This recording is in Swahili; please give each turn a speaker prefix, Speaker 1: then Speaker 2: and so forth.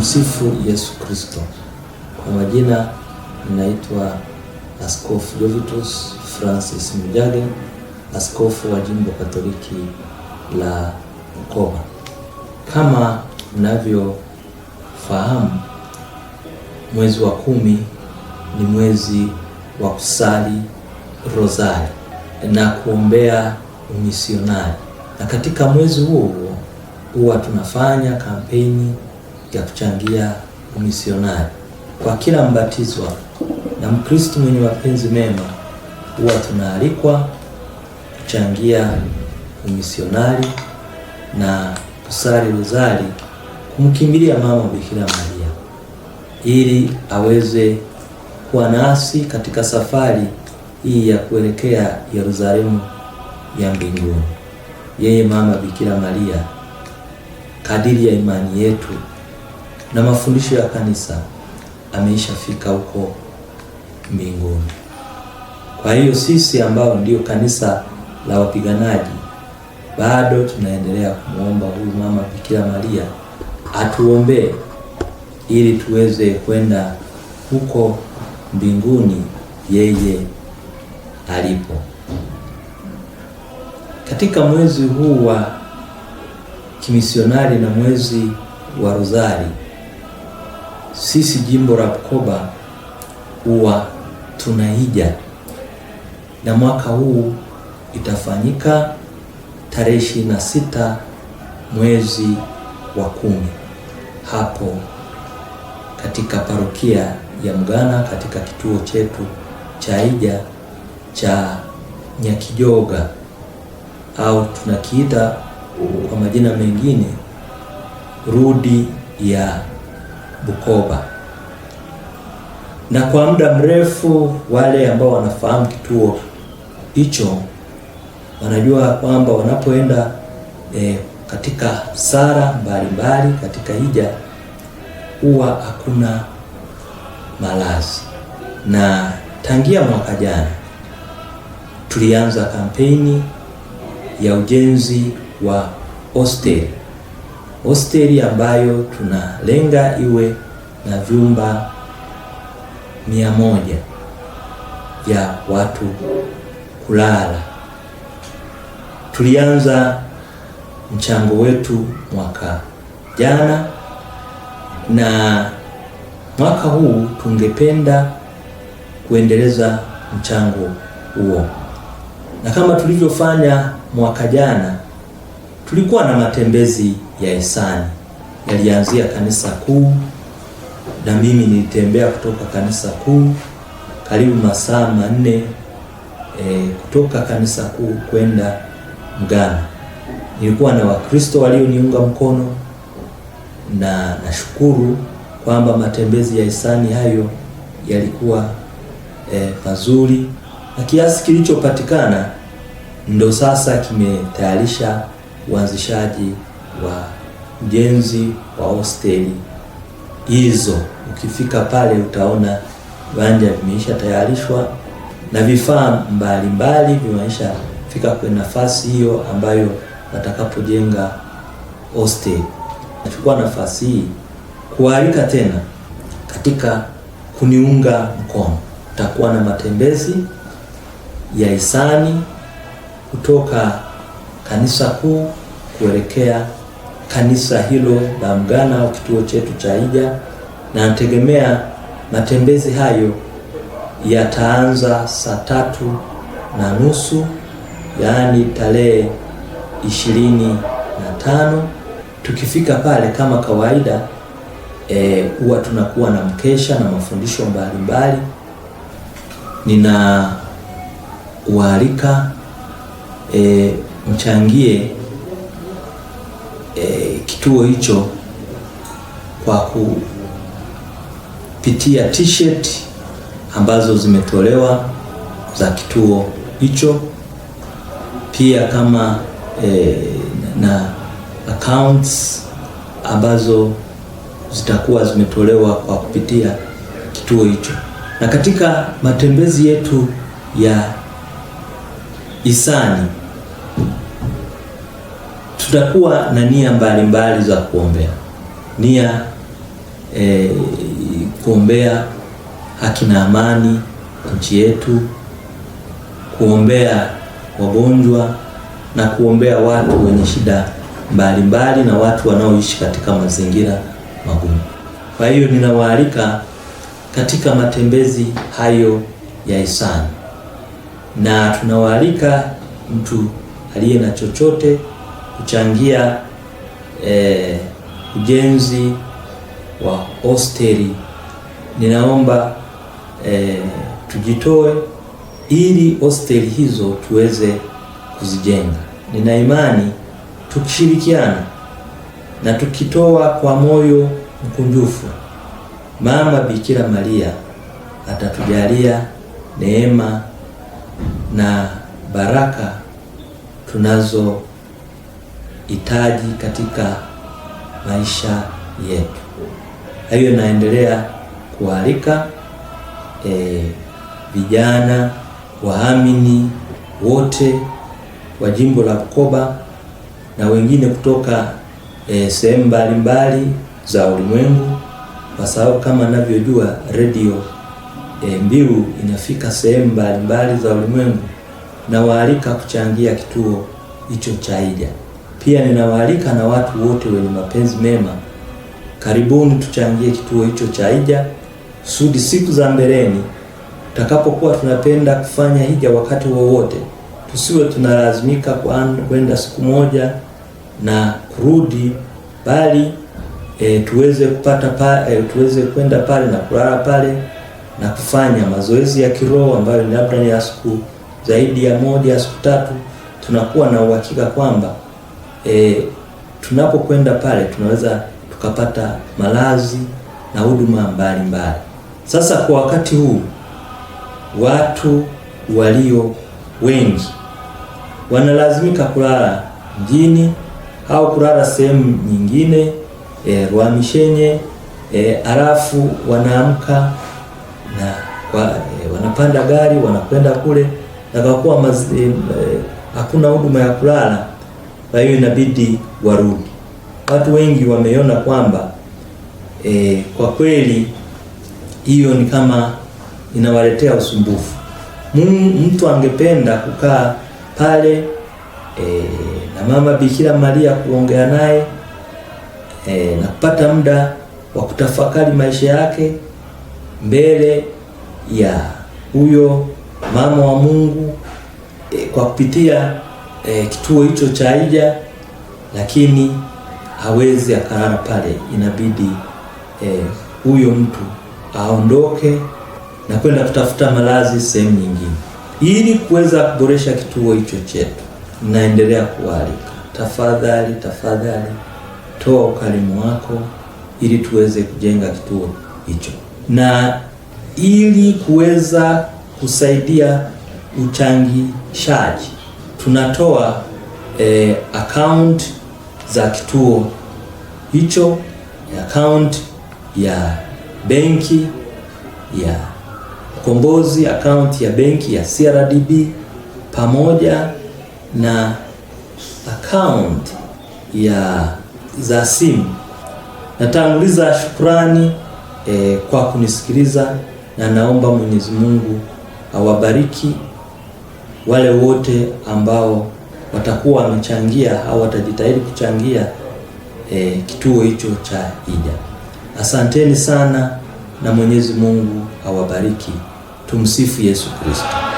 Speaker 1: Tumsifu Yesu Kristo. Kwa majina ninaitwa Askofu Jovitus Francis Mujage, askofu wa jimbo Katoliki la Bukoba. Kama mnavyofahamu, mwezi wa kumi ni mwezi wa kusali rozari na kuombea umisionari, na katika mwezi huo huwa tunafanya kampeni ya kuchangia umisionari. Kwa kila mbatizwa na Mkristo mwenye mapenzi mema, huwa tunaalikwa kuchangia umisionari na kusali rozari kumkimbilia mama Bikira Maria ili aweze kuwa nasi katika safari hii ya kuelekea Yerusalemu ya mbinguni. Yeye mama Bikira Maria, kadiri ya imani yetu na mafundisho ya kanisa ameishafika huko mbinguni. Kwa hiyo sisi ambao ndio kanisa la wapiganaji bado tunaendelea kumwomba huyu mama Bikira Maria atuombee ili tuweze kwenda huko mbinguni yeye alipo. Katika mwezi huu wa kimisionari na mwezi wa Rozari sisi jimbo la Bukoba huwa tunaija, na mwaka huu itafanyika tarehe ishirini na sita mwezi wa kumi hapo katika parokia ya Mgana katika kituo chetu cha ija cha Nyakijoga au tunakiita kwa majina mengine rudi ya Bukoba. Na kwa muda mrefu wale ambao wanafahamu kituo hicho wanajua kwamba wanapoenda e, katika sara mbalimbali katika hija huwa hakuna malazi, na tangia mwaka jana tulianza kampeni ya ujenzi wa hosteli hosteli ambayo tunalenga iwe na vyumba mia moja vya watu kulala. Tulianza mchango wetu mwaka jana na mwaka huu tungependa kuendeleza mchango huo, na kama tulivyofanya mwaka jana, tulikuwa na matembezi ya hisani yalianzia kanisa kuu, na mimi nilitembea kutoka kanisa kuu karibu masaa manne e, kutoka kanisa kuu kwenda Mgana. Nilikuwa na Wakristo walioniunga mkono na nashukuru kwamba matembezi ya hisani hayo yalikuwa e, mazuri na kiasi kilichopatikana ndo sasa kimetayarisha uanzishaji wa ujenzi wa hosteli hizo. Ukifika pale utaona viwanja vimeisha tayarishwa na vifaa mbalimbali vimeisha fika kwenye nafasi hiyo ambayo watakapojenga hostel. Nachukua nafasi hii kualika tena katika kuniunga mkono. utakuwa na matembezi ya hisani kutoka kanisa kuu kuelekea kanisa hilo la Mgana au kituo chetu cha ija na nategemea matembezi hayo yataanza saa tatu na nusu yaani tarehe ishirini na tano. Tukifika pale kama kawaida e, huwa e, tunakuwa na mkesha na mafundisho mbalimbali. Ninawaalika e, mchangie e, kituo hicho kwa kupitia t-shirt ambazo zimetolewa za kituo hicho, pia kama e, na accounts ambazo zitakuwa zimetolewa kwa kupitia kituo hicho. Na katika matembezi yetu ya hisani tutakuwa na nia mbalimbali mbali za kuombea nia e, kuombea haki na amani nchi yetu, kuombea wagonjwa na kuombea watu wenye shida mbalimbali mbali na watu wanaoishi katika mazingira magumu. Kwa hiyo ninawaalika katika matembezi hayo ya hisani, na tunawaalika mtu aliye na chochote kuchangia eh, ujenzi wa hosteli. Ninaomba eh, tujitoe ili hosteli hizo tuweze kuzijenga. Nina imani tukishirikiana na tukitoa kwa moyo mkunjufu, Mama Bikira Maria atatujalia neema na baraka tunazo hitaji katika maisha yetu. Kwa hiyo naendelea kualika e, vijana waamini wote wa jimbo la Bukoba na wengine kutoka e, sehemu mbalimbali za ulimwengu, kwa sababu kama navyojua redio e, Mbiu inafika sehemu mbalimbali za ulimwengu, na waalika kuchangia kituo hicho cha hija. Pia ninawaalika na watu wote wenye mapenzi mema, karibuni tuchangie kituo hicho cha hija sudi siku za mbeleni tutakapokuwa tunapenda kufanya hija wakati wowote wa tusiwe tunalazimika kwenda siku moja na kurudi, bali e, tuweze kupata pa, e, tuweze kwenda pale na kulala pale na kufanya mazoezi ya kiroho ambayo labda ni ya siku zaidi ya moja, ya siku tatu, tunakuwa na uhakika kwamba e, tunapokwenda pale tunaweza tukapata malazi na huduma mbalimbali. Sasa kwa wakati huu watu walio wengi wanalazimika kulala mjini au kulala sehemu nyingine e, Rwamishenye e, alafu wanaamka na kwa, e, wanapanda gari wanakwenda kule na kwa kuwa e, hakuna e, huduma ya kulala kwa hiyo inabidi warudi. Watu wengi wameona kwamba e, kwa kweli hiyo ni kama inawaletea usumbufu. Mtu angependa kukaa pale e, na mama Bikira Maria kuongea naye e, na kupata muda wa kutafakari maisha yake mbele ya huyo mama wa Mungu e, kwa kupitia e, kituo hicho cha Ija, lakini hawezi akalala pale, inabidi e, huyo mtu aondoke na kwenda kutafuta malazi sehemu nyingine, ili kuweza kuboresha kituo hicho chetu. Naendelea kualika tafadhali, tafadhali toa ukarimu wako ili tuweze kujenga kituo hicho, na ili kuweza kusaidia uchangishaji tunatoa e, account za kituo hicho, account ya benki ya Kombozi, account ya benki ya CRDB pamoja na account ya za simu. Natanguliza shukrani e, kwa kunisikiliza na naomba Mwenyezi Mungu awabariki wale wote ambao watakuwa wamechangia au watajitahidi kuchangia e, kituo hicho cha Ija. Asanteni sana na Mwenyezi Mungu awabariki. Tumsifu Yesu Kristo.